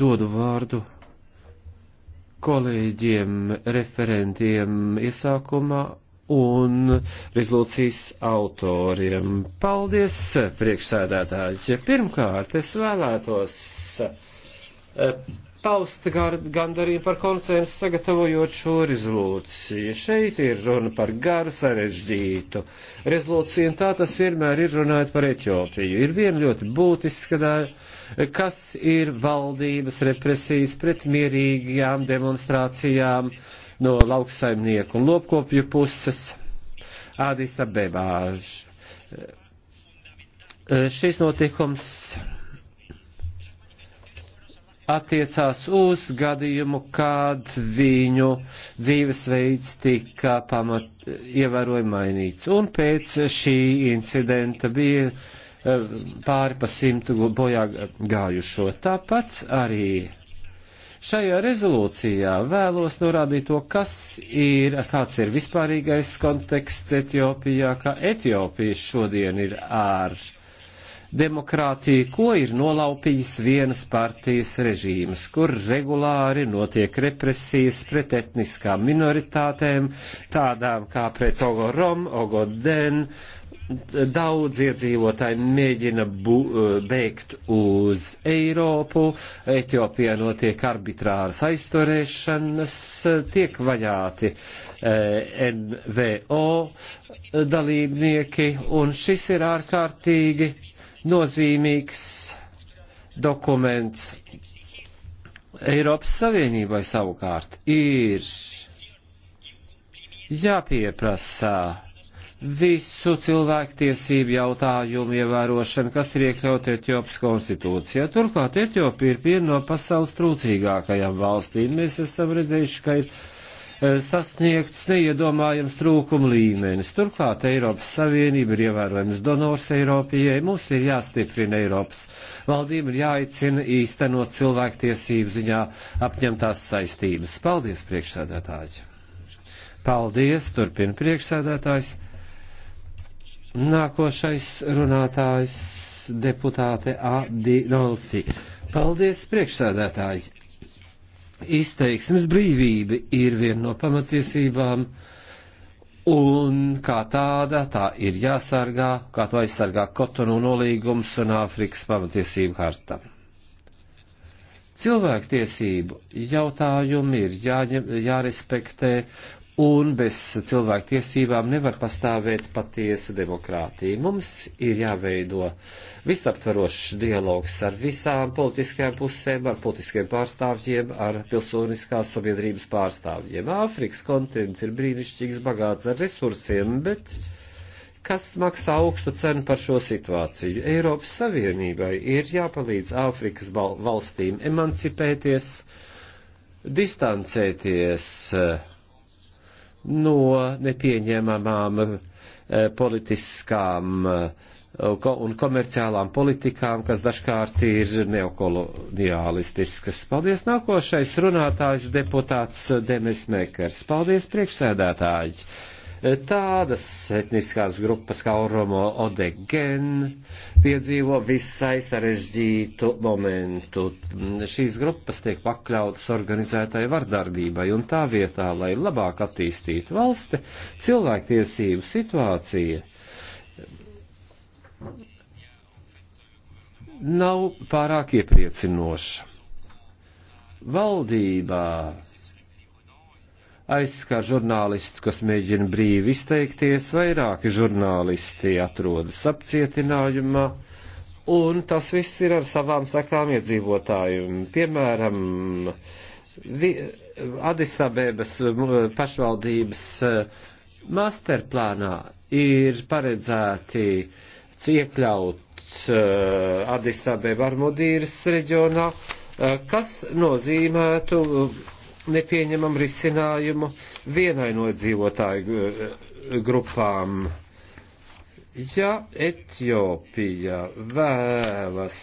dodu vārdu kolēģiem, referentiem iesākumā un rezolūcijas autoriem. Paldies, priekšsēdētāji! Pirmkārt, es vēlētos. Uh, paust gandarījumu par konsensu sagatavojot šo rezolūciju. Šeit ir runa par garu sarežģītu rezolūciju, un tā tas vienmēr ir runājot par Eķopiju. Ir viena ļoti būtiska daļa, kas ir valdības represijas pret mierīgajām demonstrācijām no lauksaimnieku un lopkopju puses Ādisa Bebāž. Šis notikums attiecās uz gadījumu, kad viņu dzīvesveids tika pamat ievērojami mainīts. Un pēc šī incidenta bija eh, pāri pa simtu bojā gājušo. Tāpat arī šajā rezolūcijā vēlos norādīt to, kas ir, kāds ir vispārīgais konteksts Etiopijā, ka Etiopija šodien ir ārā demokrātiju, ko ir nolaupījis vienas partijas režīms, kur regulāri notiek represijas pret etniskām minoritātēm, tādām kā pret Ogorom, Ogoden. Daudz iedzīvotāji mēģina bu, eh, bēgt uz Eiropu, Etiopijā notiek arbitrāras aizturēšanas, tiek vajāti eh, NVO dalībnieki, un šis ir ārkārtīgi nozīmīgs dokuments. Eiropas Savienībai savukārt ir jāpieprasa visu cilvēktiesību jautājumu ievērošana, kas ir iekļauta Etiopas konstitūcijā. Turklāt Etiopija ir viena no pasaules trūcīgākajām valstīm. Mēs esam redzējuši, ka ir sasniegts neiedomājams trūkuma līmenis. Turklāt Eiropas Savienība ir ievērojams donors Eiropijai. Mums ir jāstiprina Eiropas valdība, ir jāicina īstenot cilvēktiesību ziņā apņemtās saistības. Paldies, priekšsēdētāji! Paldies, turpina priekšsēdētājs. Nākošais runātājs deputāte Adinolfi. Paldies, priekšsēdētāji! izteiksmes brīvība ir viena no pamatiesībām, un kā tāda tā ir jāsargā, kā to aizsargā Kotonu nolīgums un Āfrikas pamatiesību harta. Cilvēktiesību jautājumi ir jāņem, jārespektē, un bez cilvēku tiesībām nevar pastāvēt patiesa demokrātija. Mums ir jāveido visaptvarošs dialogs ar visām politiskajām pusēm, ar politiskiem pārstāvjiem, ar pilsoniskās sabiedrības pārstāvjiem. Āfrikas kontinents ir brīnišķīgs, bagāts ar resursiem, bet kas maksā augstu cenu par šo situāciju? Eiropas Savienībai ir jāpalīdz Āfrikas valstīm emancipēties, distancēties, uh, no nepieņemamām eh, politiskām eh, un komerciālām politikām, kas dažkārt ir neokoloniālistiskas. Paldies nākošais runātājs deputāts Demis Mekers. Paldies priekšsēdētāji. Tādas etniskās grupas kā Oromo Odegen piedzīvo visai sarežģītu momentu. Šīs grupas tiek pakļautas organizētai vardarbībai un tā vietā, lai labāk attīstītu valsti, cilvēktiesību situācija nav pārāk iepriecinoša. Valdībā aizskar žurnālistu, kas mēģina brīvi izteikties, vairāki žurnālisti atrodas apcietinājumā, un tas viss ir ar savām sakām iedzīvotājiem. Piemēram, vi, Adisabēbas pašvaldības eh, masterplānā ir paredzēti iekļauts eh, Adisabēba Armudīras reģionā, eh, kas nozīmētu nepieņemam risinājumu vienai no dzīvotāju eh, grupām. Ja Etiopija vēlas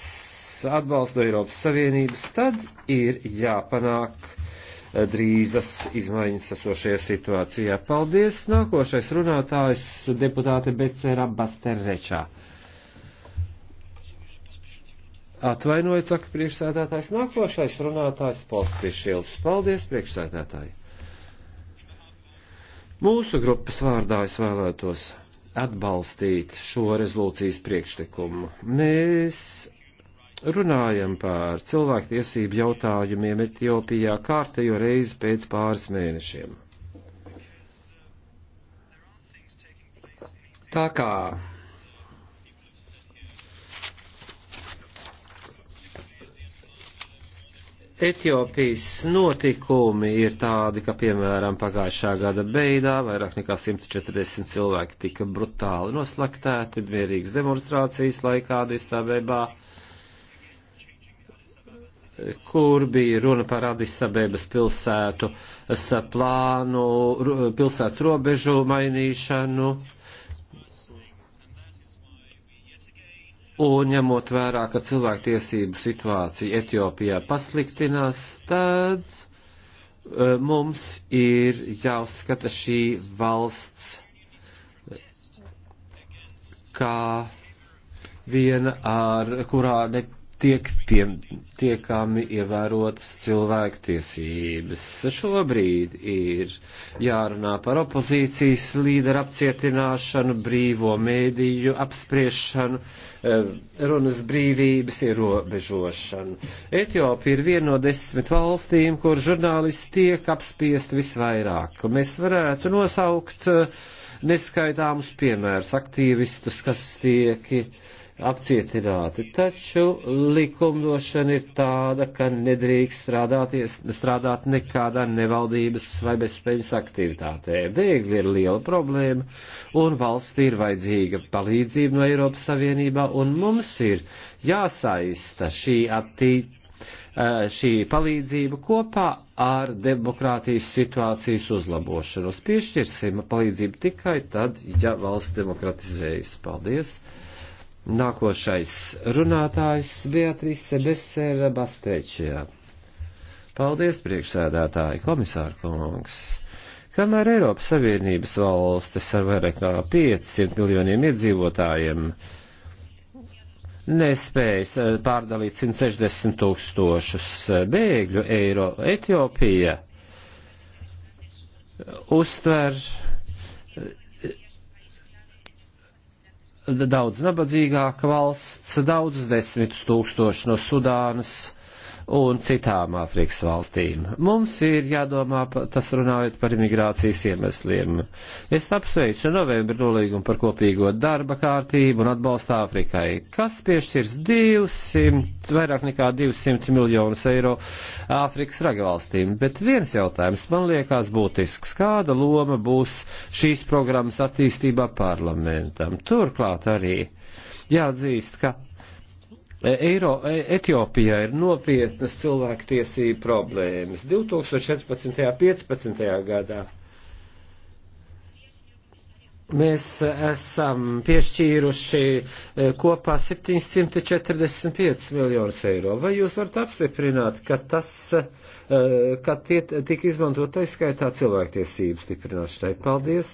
atbalstu no Eiropas Savienības, tad ir jāpanāk eh, drīzas izmaiņas esošajā situācijā. Paldies! Nākošais runātājs deputāte Becera Basterrečā. Atvainojiet, saka priekšsēdētājs. Nākošais runātājs Pols Fišils. Paldies, priekšsēdētāji. Mūsu grupas vārdā es vēlētos atbalstīt šo rezolūcijas priekšlikumu. Mēs runājam par cilvēktiesību jautājumiem Etiopijā kārtējo reizi pēc pāris mēnešiem. Tā kā Etiopijas notikumi ir tādi, ka, piemēram, pagājušā gada beidā vairāk nekā 140 cilvēki tika brutāli noslaktēti mierīgas demonstrācijas laikā Adisabebā, kur bija runa par Adisabebas pilsētu plānu, pilsētas robežu mainīšanu Un ņemot vērā, ka cilvēktiesību situācija Etiopijā pasliktinās, tad e, mums ir jāuzskata šī valsts e, kā viena, ar kurā ne, tiek pietiekami ievērotas cilvēktiesības. Šobrīd ir jārunā par opozīcijas līderu apcietināšanu, brīvo mēdīju apspriešanu, eh, runas brīvības ierobežošanu. Etiopija ir viena no desmit valstīm, kur žurnālisti tiek apspiest visvairāk. Mēs varētu nosaukt eh, neskaitāmus piemērus aktīvistus, kas tiek apcietināti, taču likumdošana ir tāda, ka nedrīkst strādāt nekādā nevaldības vai bezspēļas aktivitātē. Bēgļi ir liela problēma, un valstī ir vajadzīga palīdzība no Eiropas Savienībā, un mums ir jāsaista šī attīstība šī palīdzība kopā ar demokrātijas situācijas uzlabošanos. Piešķirsim palīdzību tikai tad, ja valsts demokratizējas. Paldies! Nākošais runātājs Beatrise Besera Bastēčijā. Paldies, priekšsēdētāji, komisāra kungs. Kamēr Eiropas Savienības valstis ar vairāk kā 500 miljoniem iedzīvotājiem nespējas eh, pārdalīt 160 tūkstošus bēgļu eiro, Etiopija uztver daudz nabadzīgāka valsts, daudzus desmitus tūkstošus no Sudānas un citām Āfrikas valstīm. Mums ir jādomā, tas runājot par imigrācijas iemesliem. Es apsveicu novembra nolīgumu par kopīgo darba kārtību un atbalstu Āfrikai, kas piešķirs 200, vairāk nekā 200 miljonus eiro Āfrikas ragvalstīm. Bet viens jautājums man liekas būtisks. Kāda loma būs šīs programmas attīstībā parlamentam? Turklāt arī jāatzīst, ka E, eiro, e, Etiopijā ir nopietnas cilvēktiesība problēmas. 2014. un 2015. gadā mēs esam piešķīruši e, kopā 745 miljonus eiro. Vai jūs varat apstiprināt, ka tas, ka tie tika izmantot taiskaitā cilvēktiesību stiprināšanai? Paldies!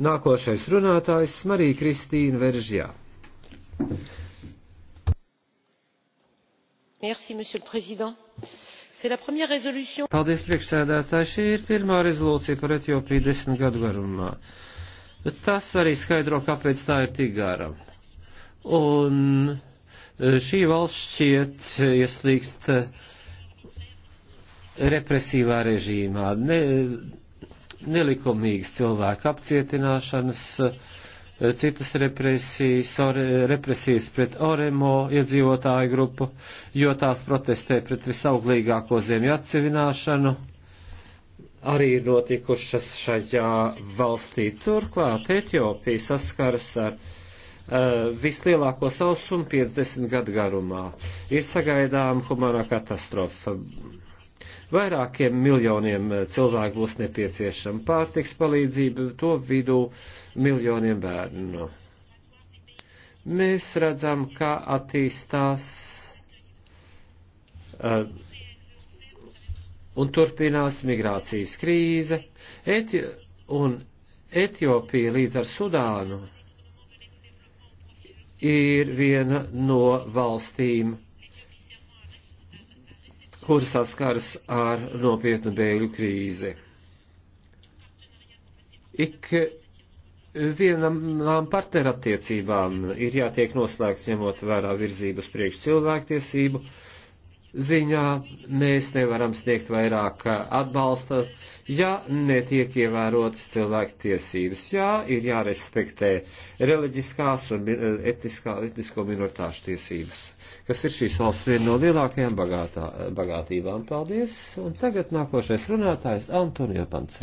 Nākošais runātājs Marija Kristīna Veržjā monsieur le président c'est la première résolution. Paldies, priekšsēdētāji. Šī ir pirmā rezolūcija par Etiopiju desmit gadu garumā. Tas arī skaidro, kāpēc tā ir tik gara. Un eh, šī valsts šķiet eh, ieslīgst eh, represīvā režīmā, ne, nelikumīgas cilvēku apcietināšanas, uh, Eh, citas represijas, or, represijas pret Oremo iedzīvotāju grupu, jo tās protestē pret visauglīgāko zemju atsevināšanu. Arī ir notikušas šajā valstī. Turklāt Etiopija saskaras ar uh, vislielāko sausumu 50 gadu garumā. Ir sagaidām humanā katastrofa. Vairākiem miljoniem eh, cilvēku būs nepieciešama pārtiks palīdzība, to vidū miljoniem bērnu. Mēs redzam, kā attīstās uh, un turpinās migrācijas krīze. Eti un Etiopija līdz ar Sudānu ir viena no valstīm, kuri saskaras ar nopietnu bēgļu krīzi. Ik vienam partnerattiecībām ir jātiek noslēgts ņemot vērā virzības priekš cilvēktiesību ziņā. Mēs nevaram sniegt vairāk atbalsta, ja netiek ievērotas cilvēktiesības. Jā, ir jārespektē reliģiskās un etiskā, etnisko minoritāšu tiesības kas ir šīs valsts viena no lielākajām bagātā, bagātībām. Paldies! Un tagad nākošais runātājs Antonio Pants.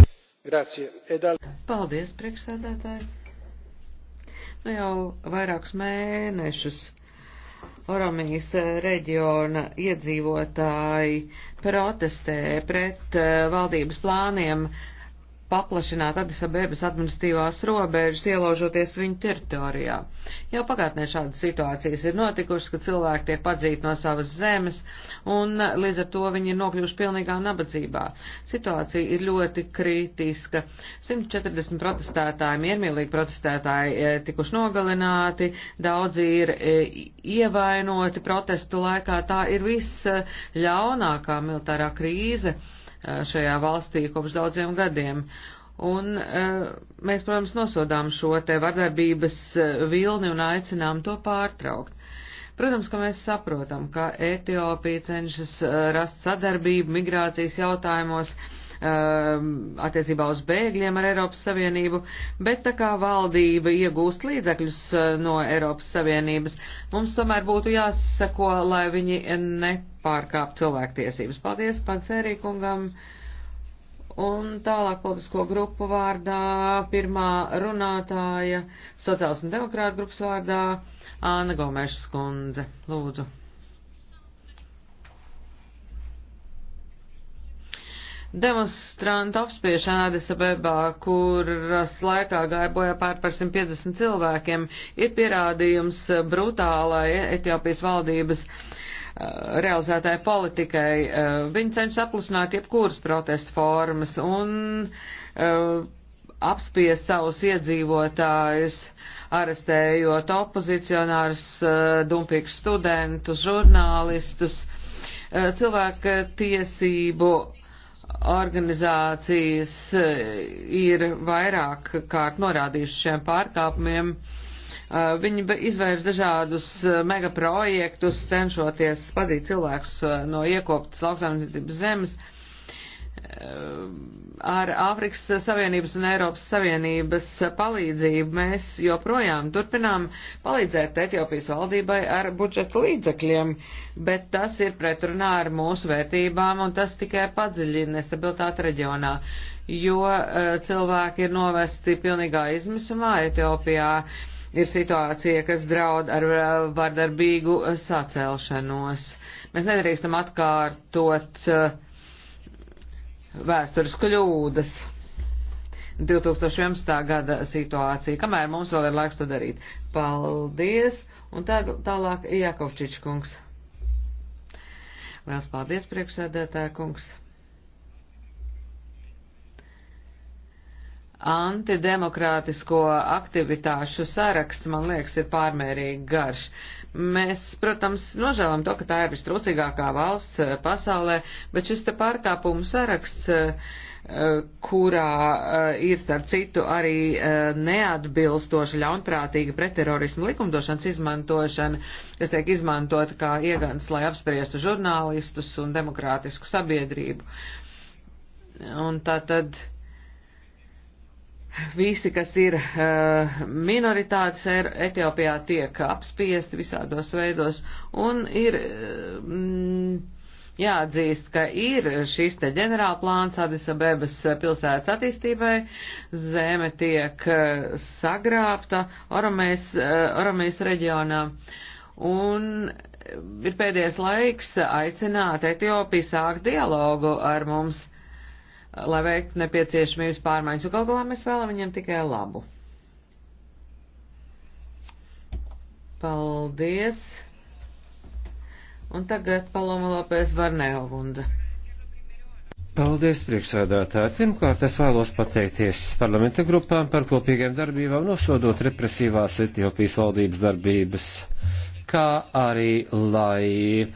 Paldies, priekšsēdētāji! Nu jau vairākus mēnešus Oromijas reģiona iedzīvotāji protestē pret eh, valdības plāniem uh, paplašināt Adisabēbas administratīvās robežas, ielaužoties viņu teritorijā. Jau pagātnē šādas situācijas ir notikušas, ka cilvēki tiek padzīti no savas zemes, un līdz ar to viņi ir nokļuvuši pilnīgā nabadzībā. Situācija ir ļoti kritiska. 140 protestētāji, miermīlīgi protestētāji, e, tikuši nogalināti, daudzi ir e, ievainoti protestu laikā. Tā ir viss e, ļaunākā militārā krīze Eh, šajā valstī kopš daudziem gadiem. Un eh, mēs, protams, nosodām šo te vardarbības eh, vilni un aicinām to pārtraukt. Protams, ka mēs saprotam, ka Etiopija cenšas rast sadarbību migrācijas jautājumos Um, attiecībā uz bēgļiem ar Eiropas Savienību, bet tā kā valdība iegūst līdzekļus uh, no Eiropas Savienības, mums tomēr būtu jāsako, lai viņi nepārkāp cilvēktiesības. Paldies, pats Ērīkungam! Un tālāk politisko grupu vārdā pirmā runātāja, sociāls un demokrāta grupas vārdā, Āna Gomeša skundze. Lūdzu. Demonstrantu apspiešana Adisabebā, kuras laikā gāja bojā pār par 150 cilvēkiem, ir pierādījums brutālai Etiopijas valdības eh, realizētāja politikai. Eh, viņi cenšas aplusināt jebkuras protesta formas un eh, apspies savus iedzīvotājus, arestējot opozicionārus, dumpīgus studentus, žurnālistus cilvēku tiesību organizācijas e, ir vairāk kārt norādījušas šiem pārkāpumiem. E, viņi izvērš dažādus e, megaprojektus, cenšoties pazīt cilvēkus no iekoptas lauksaimniecības zemes. Uh, ar Āfrikas Savienības un Eiropas Savienības palīdzību mēs joprojām turpinām palīdzēt Etiopijas valdībai ar budžeta līdzekļiem, bet tas ir pretrunā ar mūsu vērtībām un tas tikai padziļina nestabilitāti reģionā, jo eh, cilvēki ir novesti pilnīgā izmisumā Etiopijā. Ir situācija, kas draud ar eh, vardarbīgu eh, sacelšanos. Mēs nedrīkstam atkārtot uh, vēstures kļūdas. 2011. gada situācija, kamēr mums vēl ir laiks to darīt. Paldies! Un tā, tālāk Jakovčič kungs. Liels paldies, priekšsēdētāja kungs! Antidemokrātisko aktivitāšu saraksts, man liekas, ir pārmērīgi garš. Mēs, protams, nožēlam to, ka tā ir vistrūcīgākā valsts eh, pasaulē, bet šis te pārkāpumu saraksts, eh, eh, kurā ir starp citu arī neatbilstoša ļaunprātīga pretterorismu likumdošanas izmantošana, kas tiek izmantota kā iegans, lai apspriestu žurnālistus un demokrātisku sabiedrību. Un tā tad visi, kas ir uh, minoritātes er-, Etiopijā, tiek apspiesti visādos veidos, un ir eh, mm, jāatzīst, ka ir šis te ģenerāla plāns Adisabebas pilsētas attīstībai, zeme tiek uh, sagrābta Oromēs, uh, Oromēs reģionā, un ir pēdējais laiks aicināt Etiopiju sākt dialogu ar mums lai veiktu nepieciešamības pārmaiņas, un galu galā mēs vēlam viņiem tikai labu. Paldies! Un tagad Paloma Lopēs Varnēo Gundze. Paldies, priekšsēdētāji. Pirmkārt, es vēlos pateikties parlamenta grupām par kopīgiem darbībām, nosodot represīvās Etiopijas valdības darbības, kā arī lai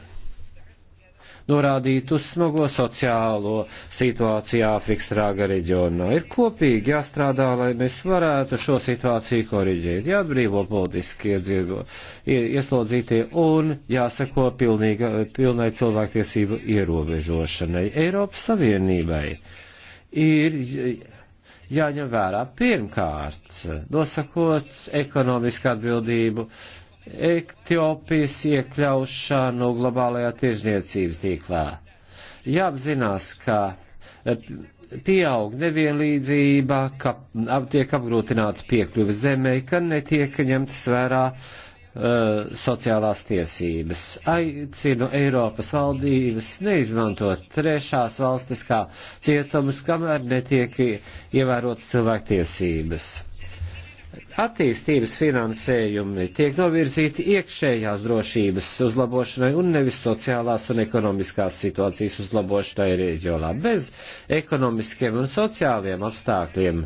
norādīt uz smago sociālo situāciju Āfrikas rāga reģionā. Ir kopīgi jāstrādā, lai mēs varētu šo situāciju koriģēt, jāatbrīvo politiski iedzīvo, ieslodzītie un jāsako pilnīga, pilnai cilvēktiesību ierobežošanai Eiropas Savienībai. Ir jāņem vērā pirmkārt, nosakot ekonomisku atbildību Etiopijas iekļaušanu globālajā tirzniecības tīklā. Jāapzinās, ka eh, pieaug nevienlīdzība, ka tiek apgrūtināta piekļuve zemē, ka netiek ņemtas vērā uh, sociālās tiesības. Aicinu Eiropas valdības neizmantot trešās valstis kā cietumus, kamēr netiek ievērotas cilvēktiesības attīstības finansējumi tiek novirzīti iekšējās drošības uzlabošanai un nevis sociālās un ekonomiskās situācijas uzlabošanai reģionā. Bez ekonomiskiem un sociāliem apstākļiem,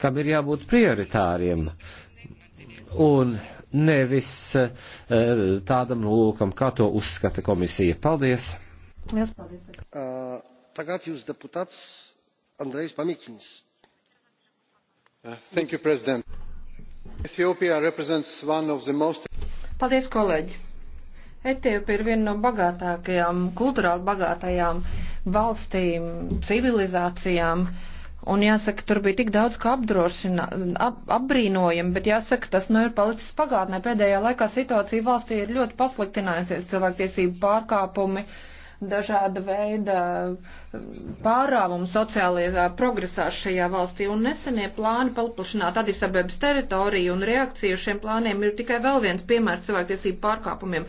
kam ir jābūt prioritāriem un nevis eh, tādam lūkam, kā to uzskata komisija. Paldies! Liels paldies! Uh, tagad jūs deputāts Andrejs Pamikins. Uh, thank you, President. Paldies, kolēģi! Etiopija ir viena no bagātākajām, kulturāli bagātajām valstīm, civilizācijām. Un jāsaka, tur bija tik daudz, ka ap, apbrīnojami, bet jāsaka, tas nu ir palicis pagātnē. Pēdējā laikā situācija valstī ir ļoti pasliktinājusies, cilvēktiesību pārkāpumi. Uh, dažāda veida mm, pārāvumu sociālajā progresā šajā valstī, un nesenie plāni paplašināt Adisabebas teritoriju un reakcija šiem plāniem ir tikai vēl viens piemērs cilvēktiesību pārkāpumiem.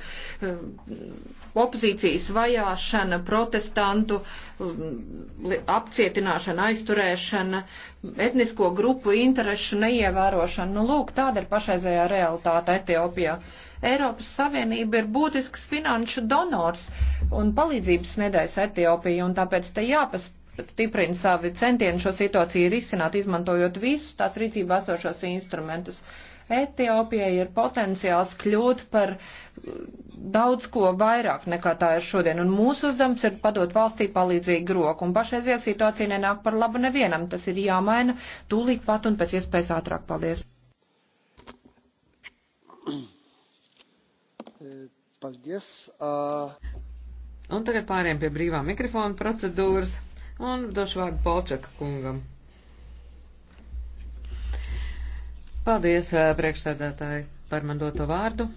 Opozīcijas vajāšana, protestantu apcietināšana, aizturēšana, etnisko grupu interešu neievērošana. Nu, lūk, tāda ir pašreizējā realitāte Etiopijā. Uh, Eiropas Savienība ir būtisks finanšu donors un palīdzības nedēļas Etiopija, un tāpēc te jāpas stiprina savi centieni šo situāciju risināt, izmantojot visus tās rīcībā esošos instrumentus. Etiopijai ir potenciāls kļūt par daudz ko vairāk nekā tā ir šodien, un mūsu uzdevums ir padot valstī palīdzīgu roku, un pašreizie situācija nenāk par labu nevienam, tas ir jāmaina tūlīt pat un pēc iespējas ātrāk. Paldies! Paldies! Uh... Un tagad pāriem pie brīvā mikrofona procedūras un došu vārdu Polčaka kungam. Paldies, priekšsēdētāji, par man doto vārdu.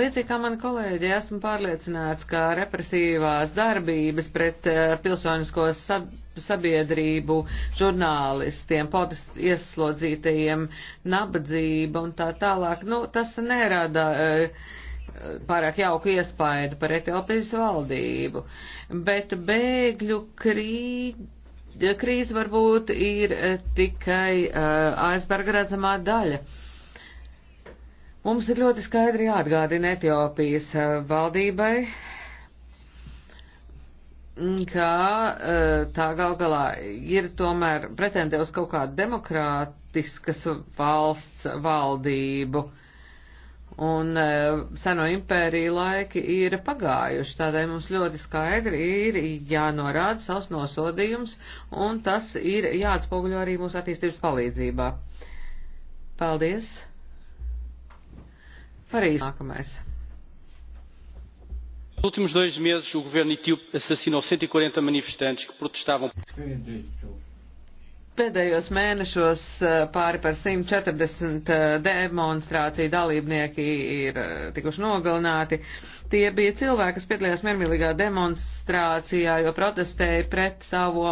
Līdzīgi kā mani kolēģi, esmu pārliecināts, ka represīvās darbības pret pilsonisko sabiedrību sabiedrību, žurnālistiem, politiski ieslodzītajiem, nabadzība un tā tālāk. Nu, tas nerada uh, pārāk jauku iespaidu par Etiopijas valdību, bet bēgļu krī, krīze varbūt ir eh, tikai uh, aizberga redzamā daļa. Mums ir ļoti skaidri jāatgādina Etiopijas valdībai, ka eh, tā gal galā ir tomēr pretendē uz kaut kādu demokrātiskas valsts valdību. Un eh, seno impēriju laiki ir pagājuši, tādēļ mums ļoti skaidri ir jānorāda savs nosodījums, un tas ir jāatspoguļo arī mūsu attīstības palīdzībā. Paldies! Parīz nākamais. Nos últimos dois meses, o governo etíope assassinou 140 e manifestantes que protestavam. Pēdējos mēnešos eh, pāri par 140 eh, demonstrāciju dalībnieki ir eh, tikuši nogalināti. Tie bija cilvēki, kas piedalījās miermīlīgā demonstrācijā, jo protestēja pret savu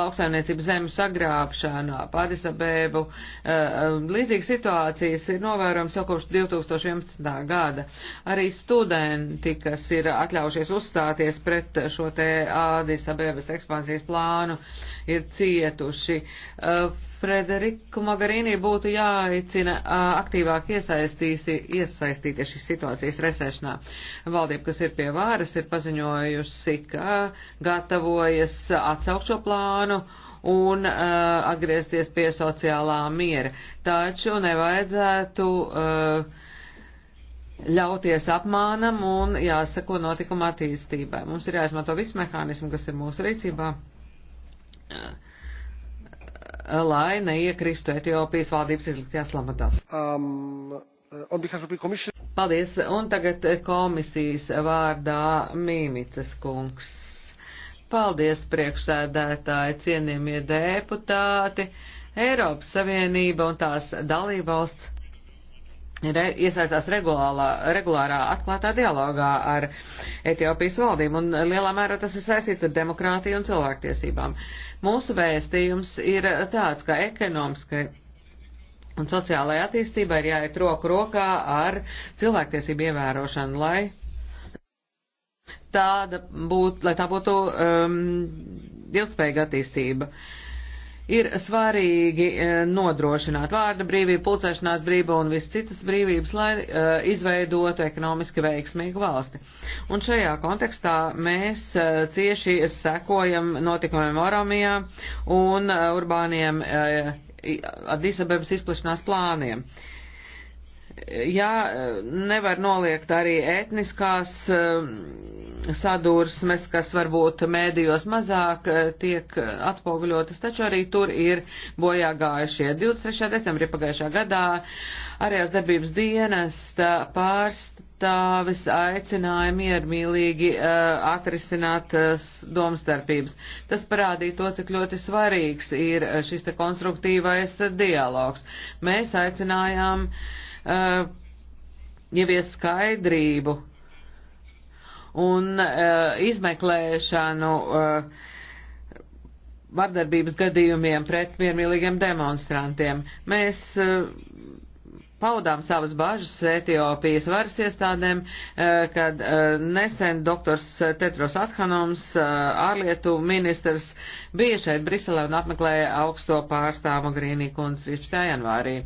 lauksaimniecību zemu sagrābšanu, Padisabēbu. Eh, eh, līdzīgas situācijas ir novērojams jau kopš 2011. gada. Arī studenti, kas ir atļaujušies uzstāties pret šo te Ādisabēbas ekspansijas plānu, ir cietuši. Uh, Frederiku Mogarīnī būtu jāaicina aktīvāk iesaistīties šīs situācijas resēšanā. Valdība, kas ir pie vāras, ir paziņojusi, ka gatavojas atsaukt šo plānu un uh, atgriezties pie sociālā miera. Taču nevajadzētu uh, ļauties apmānam un jāsako notikuma attīstībai. Mums ir jāizmanto viss mehānismi, kas ir mūsu rīcībā. Uh, lai neiekristu Etiopijas valdības izliktajās lamatās. Um, uh, Paldies. Un tagad komisijas vārdā Mīmicas kungs. Paldies, priekšsēdētāji, cienījamie deputāti, Eiropas Savienība un tās dalībvalsts re, iesaistās regulārā, regulārā atklātā dialogā ar Etiopijas valdību, un lielā mērā tas ir saistīts ar demokrātiju un cilvēktiesībām. Mūsu vēstījums ir tāds, ka ekonomiskai un sociālai attīstībai ir jāiet roku rokā ar cilvēktiesību ievērošanu, lai tāda būtu, lai tā būtu um, ilgspējīga attīstība. Uh, ir svarīgi e, nodrošināt vārda brīvību, pulcēšanās brīvību un viss citas brīvības, lai uh, izveidotu ekonomiski veiksmīgu valsti. Un šajā kontekstā mēs uh, cieši sekojam notikumiem Oromijā un uh, urbāniem Adisabebas izplašanās plāniem. Uh, jā, nevar noliegt arī etniskās um, sadursmes, kas varbūt mēdījos mazāk uh, tiek atspoguļotas, taču arī tur ir bojā gājušie. 23. decembrī pagājušā gadā arējās darbības dienesta pārstāvis aicināja miermīlīgi uh, atrisināt uh, domstarpības. Tas parādīja to, cik ļoti svarīgs ir šis te konstruktīvais dialogs. Mēs aicinājām uh, Uh, ievies skaidrību un uh, izmeklēšanu uh, vardarbības gadījumiem pret miermīlīgiem demonstrantiem. Mēs paudām savas bažas Etiopijas varas iestādēm, eh, kad eh, nesen doktors Tetros Athanoms, eh, ārlietu ministrs, bija šeit Briselē un apmeklēja augsto pārstāvu Grīnī kundzi 13. janvārī.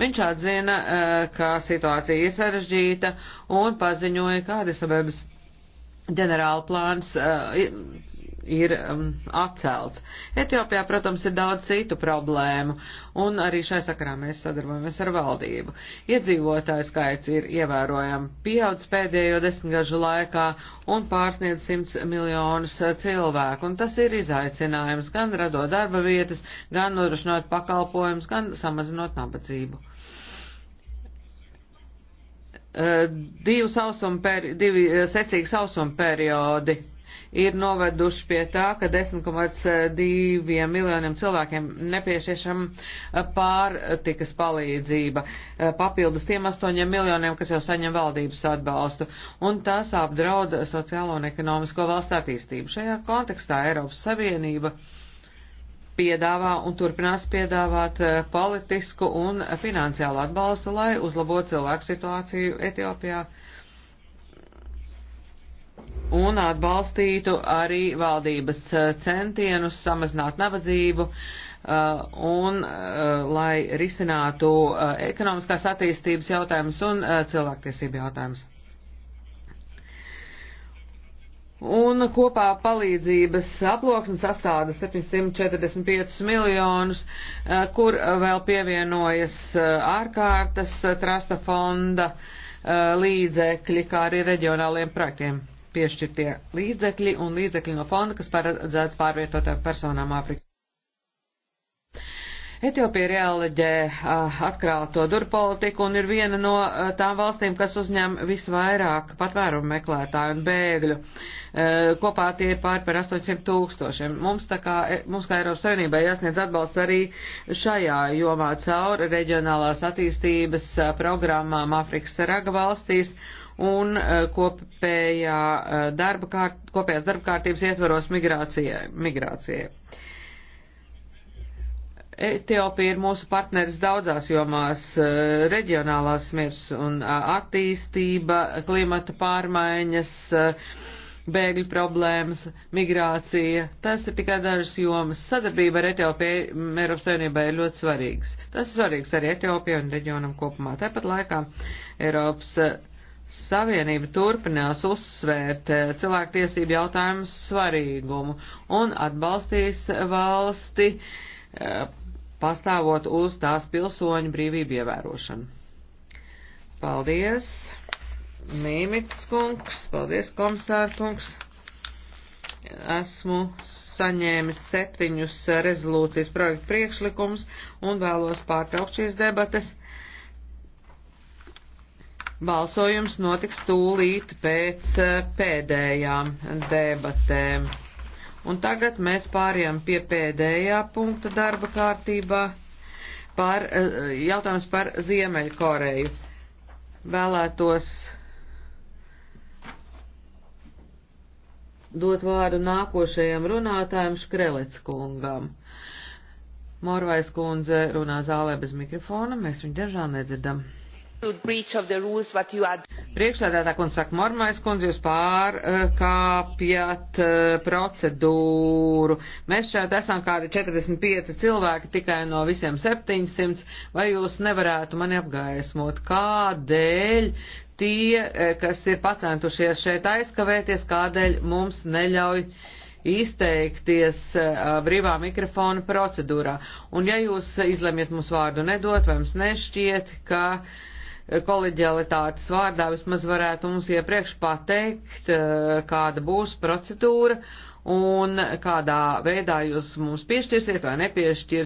Viņš atzina, ka situācija ir sarežģīta un paziņoja, kāda ir sabēbas ģenerāla plāns ir um, atcelts. Etiopijā, protams, ir daudz citu problēmu, un arī šai sakarā mēs sadarbojamies ar valdību. Iedzīvotāju skaits ir ievērojami pieaudzis pēdējo desmitgažu laikā un pārsniedz 100 miljonus uh, cilvēku, un tas ir izaicinājums gan radot darba vietas, gan nodrošinot pakalpojumus, gan samazinot nabadzību. Uh, divi, sausuma peri, divi uh, secīgi sausuma periodi ir noveduši pie tā, ka 10,2 eh, miljoniem cilvēkiem nepieciešama eh, pārtikas palīdzība, eh, papildus tiem 8 miljoniem, kas jau saņem valdības atbalstu, un tas apdraud sociālo un ekonomisko valsts attīstību. Šajā kontekstā Eiropas Savienība piedāvā un turpinās piedāvāt politisku un finansiālu atbalstu, lai uzlabotu cilvēku situāciju Etiopijā un atbalstītu arī valdības eh, centienus samazināt nabadzību eh, un eh, lai risinātu ekonomiskās attīstības jautājumus un cilvēktiesību jautājumus. Un kopā palīdzības aploksne sastāda 745 miljonus, kur vēl pievienojas ārkārtas trasta fonda līdzekļi, kā arī reģionāliem projektiem piešķirtie līdzekļi un līdzekļi no fonda, kas paredzēts pārvietotām personām Āfrikā. Etiopija realiģē atkrāto duru politiku un ir viena no tām valstīm, kas uzņem visvairāk patvērumu meklētāju un bēgļu. E, kopā tie ir pār par 800 tūkstošiem. Mums, kā, e, mums kā Eiropas Savienībai jāsniedz atbalsts arī šajā jomā caur reģionālās attīstības programmām Afrikas Saraga valstīs un e, kopējā e, darba kārt, kopējās darba kārtības ietvaros migrācijai. migrācijai. Etiopija ir mūsu partneris daudzās jomās e, - reģionālās mirs un attīstība, klimata pārmaiņas, bēgļu problēmas, migrācija. Tas ir tikai dažas jomas. Sadarbība ar Etiopiju mm, Eiropas Savienībā ir ļoti svarīgs. Tas ir svarīgs arī Etiopijai un reģionam kopumā. Tāpat laikā Eiropas Savienība turpinās uzsvērt eh, cilvēktiesību jautājumu svarīgumu un atbalstīs valsti eh, pastāvot uz tās pilsoņu brīvību ievērošanu. Paldies, Mīmits kungs, paldies, komisār kungs. Esmu saņēmis septiņus eh, rezolūcijas projektu priekšlikumus un vēlos pārtraukt šīs debates. Balsojums notiks tūlīt pēc eh, pēdējām debatēm. Un tagad mēs pārējām pie pēdējā punkta darba kārtībā par eh, jautājums par Ziemeļkoreju. Vēlētos dot vārdu nākošajam runātājam Škrelec kungam. Morvais kundze runā zālē bez mikrofona, mēs viņu dažādi nedzirdam. Priekšsēdētā kundze saka, Mormais kundze, jūs pārkāpjat eh, procedūru. Mēs šeit esam kādi 45 cilvēki tikai no visiem 700, vai jūs nevarētu mani apgaismot, kādēļ tie, eh, kas ir pacentušies šeit aizkavēties, kādēļ mums neļauj izteikties eh, brīvā mikrofona procedūrā. Un ja jūs izlemjat mums vārdu nedot, vai jums nešķiet, ka uh, koleģialitātes vārdā vismaz varētu mums iepriekš pateikt, eh, kāda būs procedūra un kādā veidā jūs mums piešķirsiet vai nepiešķirsiet.